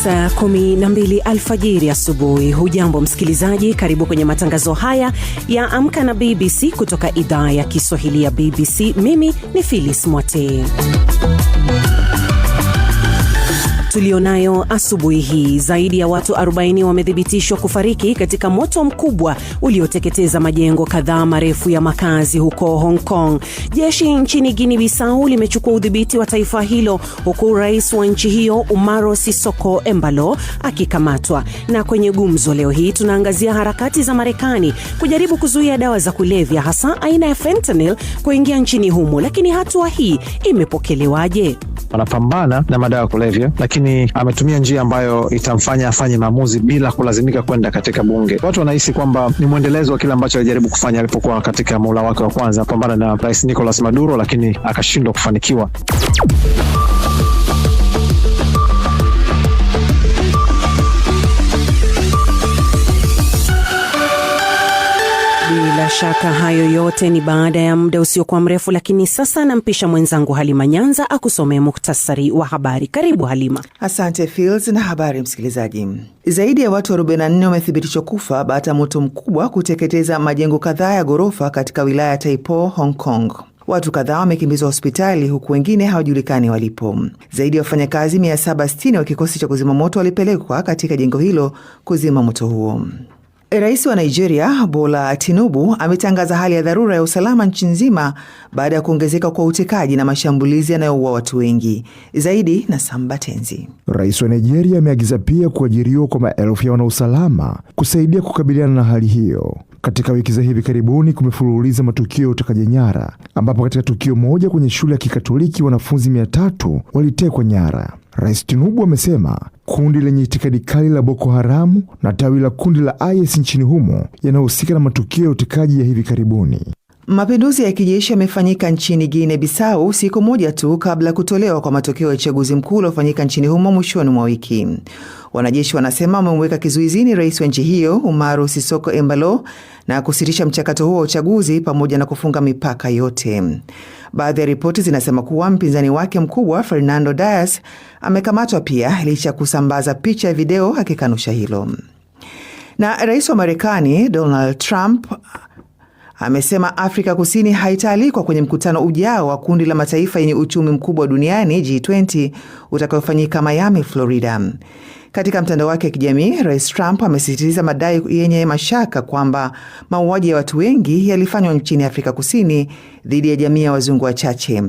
saa 12 alfajiri asubuhi. Hujambo msikilizaji, karibu kwenye matangazo haya ya Amka na BBC kutoka idhaa ya Kiswahili ya BBC. Mimi ni Phyllis Mwate tulionayo asubuhi hii. Zaidi ya watu 40 wamethibitishwa kufariki katika moto mkubwa ulioteketeza majengo kadhaa marefu ya makazi huko Hong Kong. Jeshi nchini Guinea Bissau limechukua udhibiti wa taifa hilo huku rais wa nchi hiyo Umaro Sisoko Embalo akikamatwa. Na kwenye gumzo leo hii tunaangazia harakati za Marekani kujaribu kuzuia dawa za kulevya hasa aina ya fentanyl kuingia nchini humo, lakini hatua hii imepokelewaje? wanapambana na madawa ya kulevya, lakini ametumia njia ambayo itamfanya afanye maamuzi bila kulazimika kwenda katika bunge. Watu wanahisi kwamba ni mwendelezo wa kile ambacho alijaribu kufanya alipokuwa katika muhula wake wa kwanza, pambana na Rais Nicolas Maduro, lakini akashindwa kufanikiwa. Bila shaka hayo yote ni baada ya muda usiokuwa mrefu, lakini sasa nampisha mwenzangu Halima Nyanza akusomee muktasari wa habari. Karibu Halima. Asante fils na habari msikilizaji. Zaidi ya watu 44 wamethibitishwa kufa baada ya moto mkubwa kuteketeza majengo kadhaa ya ghorofa katika wilaya ya Taipo, Hong Kong. Watu kadhaa wamekimbizwa hospitali huku wengine hawajulikani walipo. Zaidi ya wafanyakazi 760 wa kikosi cha kuzima moto walipelekwa katika jengo hilo kuzima moto huo. Rais wa Nigeria Bola Tinubu ametangaza hali ya dharura ya usalama nchi nzima baada ya kuongezeka kwa utekaji na mashambulizi yanayoua watu wengi. Zaidi na sambatenzi Rais wa Nigeria ameagiza pia kuajiriwa kwa maelfu ya wanausalama kusaidia kukabiliana na hali hiyo. Katika wiki za hivi karibuni kumefululiza matukio ya utekaji nyara, ambapo katika tukio moja kwenye shule ya Kikatoliki wanafunzi mia tatu walitekwa nyara. Rais Tinubu amesema kundi lenye itikadi kali la Boko Haramu na tawi la kundi la IS nchini humo yanahusika na matukio ya utekaji ya hivi karibuni. Mapinduzi ya kijeshi yamefanyika nchini guine Bissau siku moja tu kabla ya kutolewa kwa matokeo ya uchaguzi mkuu uliofanyika nchini humo mwishoni mwa wiki. Wanajeshi wanasema wamemweka kizuizini rais wa nchi hiyo Umaru Sisoko Embalo na kusitisha mchakato huo wa uchaguzi pamoja na kufunga mipaka yote. Baadhi ya ripoti zinasema kuwa mpinzani wake mkubwa Fernando Dias amekamatwa pia licha ya kusambaza picha ya video akikanusha hilo. Na rais wa Marekani Donald Trump amesema Afrika Kusini haitaalikwa kwenye mkutano ujao wa kundi la mataifa yenye uchumi mkubwa duniani G20 utakayofanyika Miami, Florida. Katika mtandao wake wa kijamii, Rais Trump amesisitiza madai yenye mashaka kwamba mauaji ya watu wengi yalifanywa nchini Afrika Kusini dhidi ya jamii ya wazungu wachache.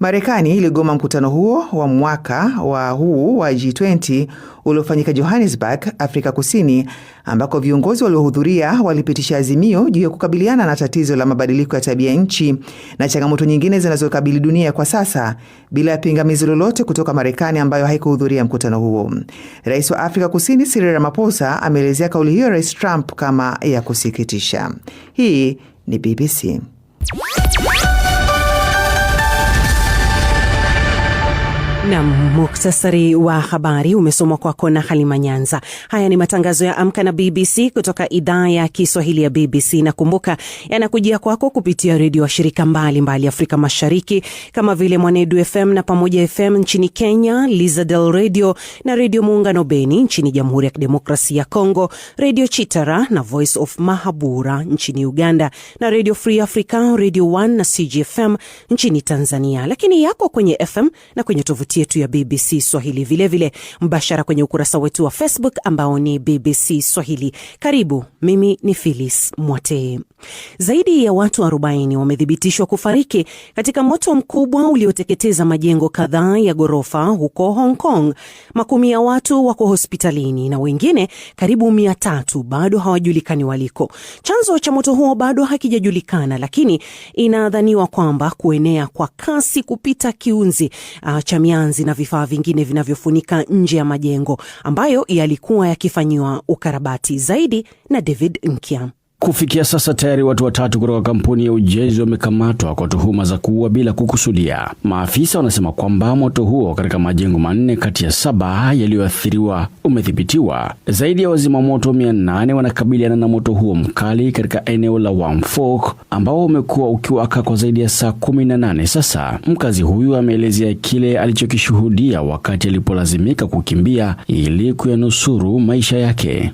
Marekani iligoma mkutano huo wa mwaka wa huu wa G20 uliofanyika Johannesburg, Afrika Kusini, ambako viongozi waliohudhuria walipitisha azimio juu ya kukabiliana na tatizo la mabadiliko ya tabia nchi na changamoto nyingine zinazokabili dunia kwa sasa bila ya pingamizi lolote kutoka Marekani ambayo haikuhudhuria mkutano huo. Rais wa Afrika Kusini Cyril Ramaphosa ameelezea kauli hiyo ya Rais Trump kama ya kusikitisha. Hii ni BBC. Nam, muktasari wa habari umesomwa kwako na Halima Nyanza. Haya ni matangazo ya Amka na BBC kutoka idhaa ya Kiswahili ya BBC, na kumbuka yanakujia kwako kupitia redio wa shirika mbalimbali mbali Afrika Mashariki kama vile Mwanedu FM na Pamoja FM nchini Kenya, Lizadel Radio na Redio Muungano Beni nchini Jamhuri ya Kidemokrasia ya Kongo, Redio Chitara na Voice of Mahabura nchini Uganda, na Redio Free Africa, Redio One na CGFM nchini Tanzania, lakini yako kwenye FM na kwenye tovuti yetu ya BBC Swahili, vilevile vile mbashara kwenye ukurasa wetu wa Facebook ambao ni BBC Swahili. Karibu, mimi ni Phyllis Mwatee. Zaidi ya watu 40 wamethibitishwa kufariki katika moto mkubwa ulioteketeza majengo kadhaa ya ghorofa huko Hong Kong. Makumi ya watu wako hospitalini na wengine karibu 3 bado hawajulikani waliko. Chanzo cha moto huo bado hakijajulikana, lakini inadhaniwa kwamba kuenea kwa kasi kupita kiunzi uh, cha mianzi na vifaa vingine vinavyofunika nje ya majengo ambayo yalikuwa yakifanyiwa ukarabati. Zaidi na David Nkiam. Kufikia sasa tayari watu watatu kutoka kampuni ya ujenzi wamekamatwa kwa tuhuma za kuua bila kukusudia. Maafisa wanasema kwamba moto huo katika majengo manne kati ya saba yaliyoathiriwa umedhibitiwa. Zaidi ya wazimamoto mia nane wanakabiliana na moto huo mkali katika eneo la Wamfork ambao umekuwa ukiwaka kwa zaidi ya saa kumi na nane sasa. Mkazi huyu ameelezea kile alichokishuhudia wakati alipolazimika kukimbia ili kuyanusuru maisha yake.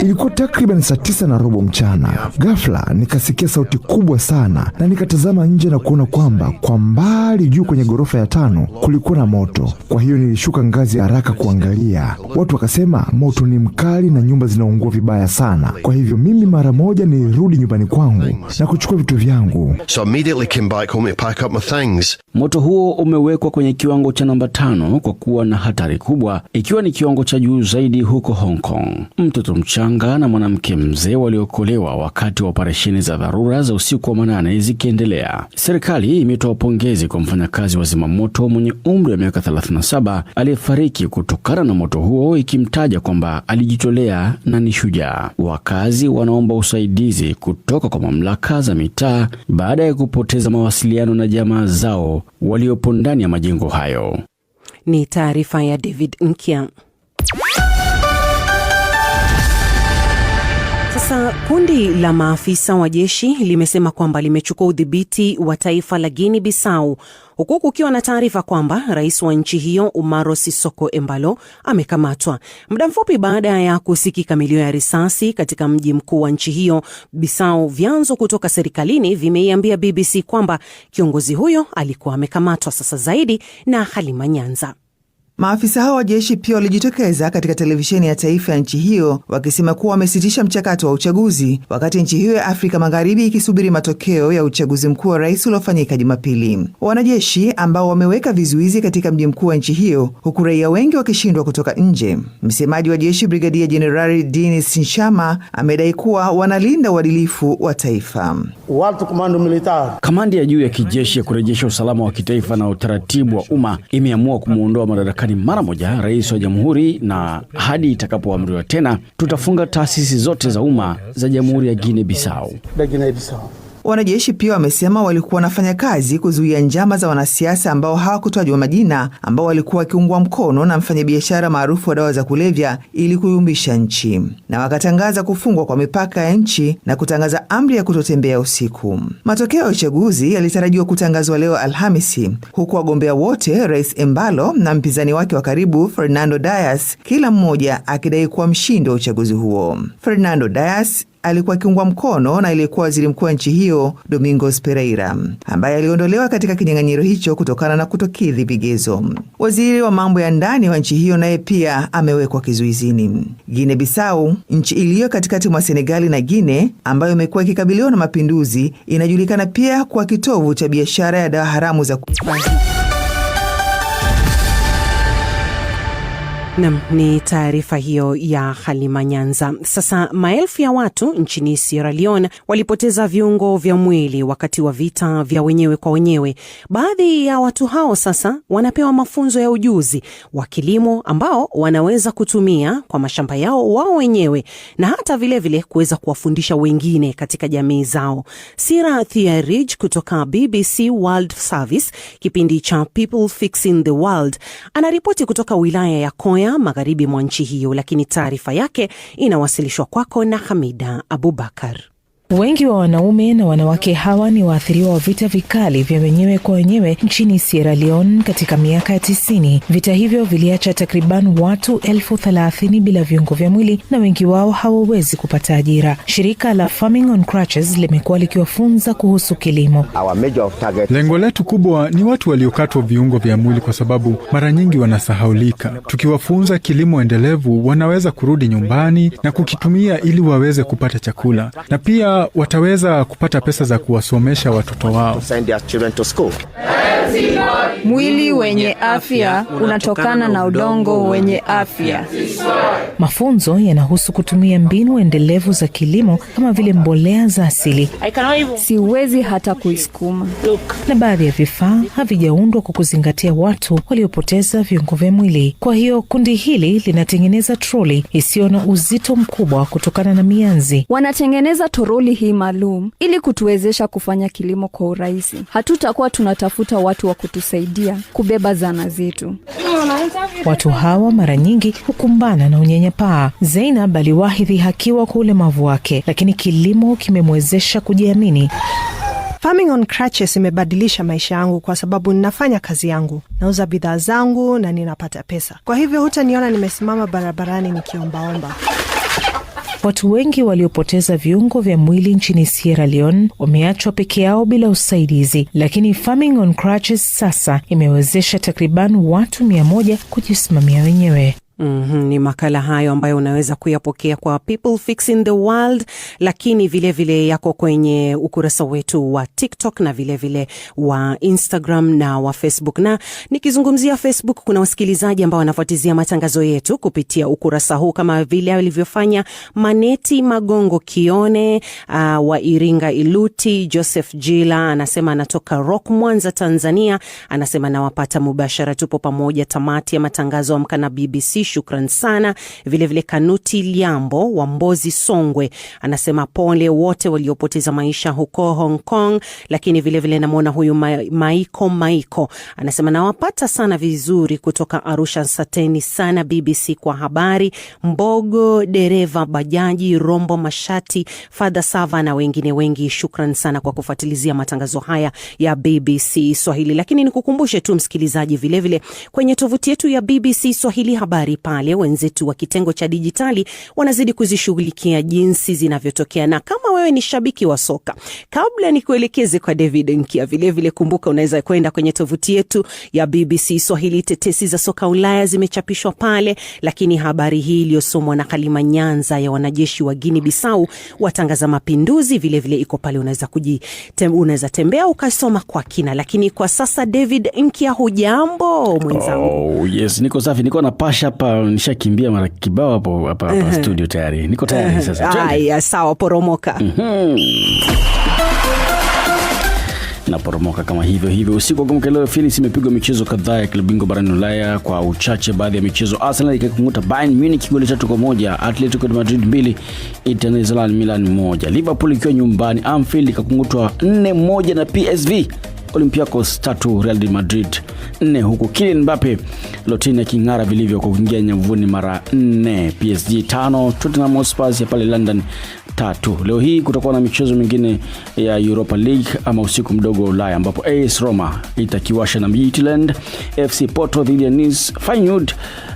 Ilikuwa takriban saa tisa na robo mchana, ghafla nikasikia sauti kubwa sana na nikatazama nje na kuona kwamba kwa mbali juu kwenye ghorofa ya tano kulikuwa na moto. Kwa hiyo nilishuka ngazi haraka kuangalia. Watu wakasema moto ni mkali na nyumba zinaungua vibaya sana. Kwa hivyo mimi mara moja nilirudi nyumbani kwangu na kuchukua vitu vyangu. So immediately came back home to pack up my things. Moto huo umewekwa kwenye kiwango cha namba tano kwa kuwa na hatari kubwa, ikiwa ni kiwango cha juu zaidi huko Hong Kong. Mtoto mchanga na mwanamke mzee waliokolewa wakati wa operesheni za dharura za usiku wa manane zikiendelea. Serikali imetoa pongezi kwa mfanyakazi wa zimamoto mwenye umri wa miaka 37 aliyefariki kutokana na moto huo, ikimtaja kwamba alijitolea na ni shujaa. Wakazi wanaomba usaidizi kutoka kwa mamlaka za mitaa baada ya kupoteza mawasiliano na jamaa zao waliopo ndani ya majengo hayo. Ni taarifa ya David Nkia. Sasa kundi la maafisa wa jeshi limesema kwamba limechukua udhibiti wa taifa la guini Bissau huku kukiwa na taarifa kwamba rais wa nchi hiyo Umaro Sisoko Embalo amekamatwa muda mfupi baada ya kusikika milio ya risasi katika mji mkuu wa nchi hiyo bisau Vyanzo kutoka serikalini vimeiambia BBC kwamba kiongozi huyo alikuwa amekamatwa. Sasa zaidi na Halima Nyanza. Maafisa hao wa jeshi pia walijitokeza katika televisheni ya taifa ya nchi hiyo wakisema kuwa wamesitisha mchakato wa uchaguzi wakati nchi hiyo ya Afrika Magharibi ikisubiri matokeo ya uchaguzi mkuu wa rais uliofanyika Jumapili. Wanajeshi ambao wameweka vizuizi katika mji mkuu wa nchi hiyo huku raia wengi wakishindwa kutoka nje. Msemaji wa jeshi Brigadia Jenerali Denis Nshama amedai kuwa wanalinda uadilifu wa taifa. Kamandi ya juu ya kijeshi ya kurejesha usalama wa kitaifa na utaratibu wa umma imeamua kumuondoa madaraka madarakani mara moja rais wa jamhuri, na hadi itakapoamriwa tena tutafunga taasisi zote za umma za jamhuri ya guine Bissau. Wanajeshi pia wamesema walikuwa wanafanya kazi kuzuia njama za wanasiasa ambao hawakutajwa majina, ambao walikuwa wakiungwa mkono na mfanyabiashara maarufu wa dawa za kulevya ili kuyumbisha nchi, na wakatangaza kufungwa kwa mipaka ya nchi na kutangaza amri ya kutotembea usiku. Matokeo ya uchaguzi yalitarajiwa kutangazwa leo Alhamisi, huku wagombea wote, Rais Embalo na mpinzani wake wa karibu Fernando Dias, kila mmoja akidai kuwa mshindi wa uchaguzi huo. Fernando Dias alikuwa akiungwa mkono na aliyekuwa waziri mkuu wa nchi hiyo Domingos Pereira, ambaye aliondolewa katika kinyang'anyiro hicho kutokana na kutokidhi vigezo. Waziri wa mambo ya ndani wa nchi hiyo naye pia amewekwa kizuizini. Guine Bisau, nchi iliyo katikati mwa Senegali na Guine ambayo imekuwa ikikabiliwa na mapinduzi, inajulikana pia kwa kitovu cha biashara ya dawa haramu za Nam ni taarifa hiyo ya Halima Nyanza. Sasa maelfu ya watu nchini Sierra Leone walipoteza viungo vya mwili wakati wa vita vya wenyewe kwa wenyewe. Baadhi ya watu hao sasa wanapewa mafunzo ya ujuzi wa kilimo ambao wanaweza kutumia kwa mashamba yao wao wenyewe na hata vilevile kuweza kuwafundisha wengine katika jamii zao. Sira Thiarij kutoka BBC World Service, kipindi cha People Fixing the World, anaripoti kutoka wilaya ya Koya Mbeya, magharibi mwa nchi hiyo, lakini taarifa yake inawasilishwa kwako na Hamida Abubakar. Wengi wa wanaume na wanawake hawa ni waathiriwa wa vita vikali vya wenyewe kwa wenyewe nchini Sierra Leone katika miaka ya tisini. Vita hivyo viliacha takriban watu elfu thelathini bila viungo vya mwili na wengi wao hawawezi kupata ajira. Shirika la Farming on Crutches limekuwa likiwafunza kuhusu kilimo. Lengo letu kubwa ni watu waliokatwa viungo vya mwili kwa sababu mara nyingi wanasahaulika. Tukiwafunza kilimo endelevu, wanaweza kurudi nyumbani na kukitumia ili waweze kupata chakula na pia wataweza kupata pesa za kuwasomesha watoto wao. Mwili wenye afya unatokana na udongo wenye afya. Mafunzo yanahusu kutumia mbinu endelevu za kilimo kama vile mbolea za asili. Siwezi hata kuisukuma. Na baadhi ya vifaa havijaundwa kwa kuzingatia watu waliopoteza viungo vya mwili. Kwa hiyo kundi hili linatengeneza troli isiyo na uzito mkubwa kutokana na mianzi. Wanatengeneza toroli kauli hii maalum ili kutuwezesha kufanya kilimo kwa urahisi. Hatutakuwa tunatafuta watu wa kutusaidia kubeba zana zetu. Watu hawa mara nyingi hukumbana na unyenyepaa. Zainab aliwahi dhihakiwa kwa ulemavu wake, lakini kilimo kimemwezesha kujiamini. Farming on Crutches imebadilisha maisha yangu kwa sababu ninafanya kazi yangu, nauza bidhaa zangu na ninapata pesa. Kwa hivyo hutaniona nimesimama barabarani nikiombaomba. Watu wengi waliopoteza viungo vya mwili nchini Sierra Leone wameachwa peke yao bila usaidizi, lakini Farming on Crutches sasa imewezesha takriban watu mia moja kujisimamia wenyewe. Mm -hmm, ni makala hayo ambayo unaweza kuyapokea kwa People Fixing the World, lakini vilevile vile yako kwenye ukurasa wetu wa TikTok na vilevile vile wa Instagram na wa Facebook. Na nikizungumzia Facebook, kuna wasikilizaji ambao wanafuatizia matangazo yetu kupitia ukurasa huu kama vile alivyofanya Maneti Magongo Kione, uh, wa Iringa Iluti. Joseph Jila anasema anatoka Rock Mwanza, Tanzania, anasema nawapata mubashara, tupo pamoja tamati ya matangazo amka na BBC shukran sana. Vilevile vile Kanuti Liambo wa Mbozi Songwe anasema pole wote waliopoteza maisha huko Hong Kong, lakini vilevile namwona huyu ma Maiko Maiko anasema nawapata sana vizuri kutoka Arusha. sateni sana BBC kwa habari. Mbogo dereva bajaji, Rombo Mashati, Fadha Sava na wengine wengi, shukran sana kwa kufuatilizia matangazo haya ya BBC Swahili. Lakini nikukumbushe tu msikilizaji, vilevile vile kwenye tovuti yetu ya BBC Swahili habari mahali pale, wenzetu wa kitengo cha dijitali wanazidi kuzishughulikia jinsi zinavyotokea. Na kama wewe ni shabiki wa soka, kabla nikuelekeze kwa David Nkia, vilevile kumbuka unaweza kwenda kwenye tovuti yetu ya BBC Swahili. Tetesi za soka Ulaya zimechapishwa pale, lakini habari hii iliyosomwa na Halima Nyanza ya wanajeshi wa gini bisau watangaza mapinduzi vilevile iko pale, unaweza kuji unaweza tembea ukasoma kwa kina, lakini kwa sasa David Nkia, hujambo mwenzangu? Oh, yes, niko safi, niko na pasha hapa nishakimbia mara kibao hapo hapa uh-huh. studio tayari, niko tayari uh-huh. sasa. Haya, sawa, poromoka. Mhm. Naporomoka kama hivyo hivyo. Usiku wa kuamkia leo, Phoenix imepigwa michezo kadhaa ya klabu bingwa barani Ulaya kwa uchache. Baadhi ya michezo, Arsenal ikakunguta Bayern Munich goli tatu kwa moja, Atletico de Madrid mbili, Internazionale Milan moja, Liverpool ikiwa nyumbani Anfield ikakungutwa nne moja na PSV Olympiacos tatu Real Madrid nne, huku Kylian Mbappe Lotini aking'ara vilivyo kwa kuingia nyavuni mara nne. PSG tano Tottenham Hotspur ya pale London tatu. Leo hii kutakuwa na michezo mingine ya Europa League ama usiku mdogo wa Ulaya ambapo AS Roma itakiwasha na Midtjylland, FC Porto dhidi ya Nice, Feyenoord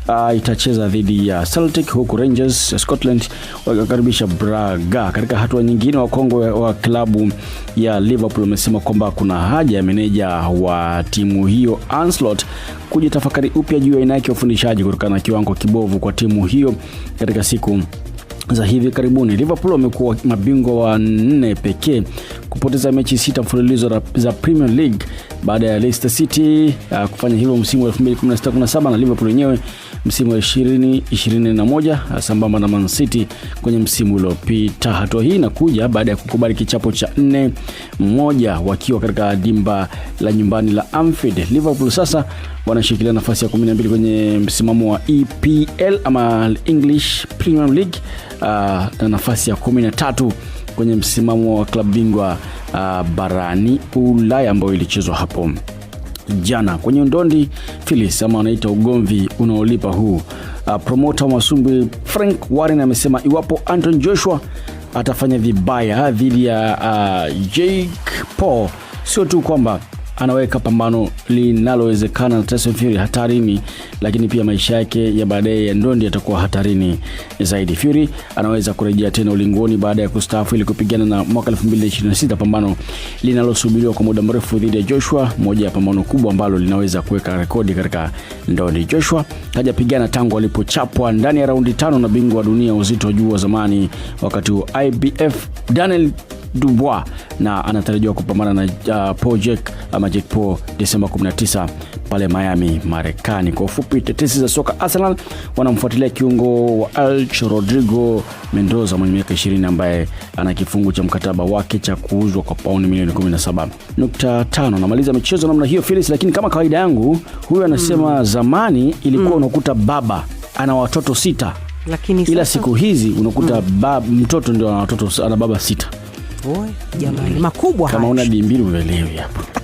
uh, itacheza dhidi ya Celtic, huku Rangers ya Scotland wakikaribisha Braga. Katika hatua nyingine, wakongwe wa klabu ya Liverpool wamesema kwamba kuna haja ya meneja wa timu hiyo Anslot kujitafakari upya juu ya aina yake ya ufundishaji kutokana na kiwango kibovu kwa timu hiyo katika siku za hivi karibuni. Liverpool wamekuwa mabingwa wa nne pekee kupoteza mechi sita mfululizo za Premier League baada ya Leicester City uh, kufanya hivyo msimu wa 2016-17 na Liverpool wenyewe msimu wa 2021 uh, sambamba na Man City kwenye msimu uliopita. Hatua hii inakuja baada ya kukubali kichapo cha 4 moja wakiwa katika dimba la nyumbani la Anfield. Liverpool sasa wanashikilia nafasi ya 12 kwenye msimamo wa EPL ama English Premier League uh, na nafasi ya 13 kwenye msimamo wa klabu bingwa uh, barani Ulaya ambayo ilichezwa hapo jana kwenye ndondi Phyllis ama anaita ugomvi unaolipa huu. Uh, promota wa masumbwi Frank Warren amesema iwapo Anton Joshua atafanya vibaya dhidi ya uh, Jake Paul, sio tu kwamba anaweka pambano linalowezekana na Tyson Fury hatarini, lakini pia maisha yake ya baadaye ya ndondi yatakuwa hatarini zaidi. Fury anaweza kurejea tena ulingoni baada ya kustaafu ili kupigana na mwaka 2026, pambano linalosubiriwa kwa muda mrefu dhidi ya Joshua, moja ya pambano kubwa ambalo linaweza kuweka rekodi katika ndondi. Joshua hajapigana tangu alipochapwa ndani ya raundi tano na bingwa wa dunia uzito juu wa zamani wakati huo IBF Daniel Dubois na anatarajiwa kupambana na uh, Paul Jack ama Jack Paul Desemba 19 pale Miami, Marekani. Kwa ufupi, tetesi za soka Arsenal wanamfuatilia kiungo wa Elche Rodrigo Mendoza mwenye miaka 20 ambaye ana kifungu cha mkataba wake cha kuuzwa kwa paundi milioni 17.5. Namaliza michezo namna hiyo Felix, lakini kama kawaida yangu huyu anasema mm. zamani ilikuwa mm. unakuta baba ana watoto sita lakini ila siku hizi unakuta mm. mtoto ndio ana watoto ana baba sita. Oe, jamani makubwa. Kama una dimbili uelewi hapo.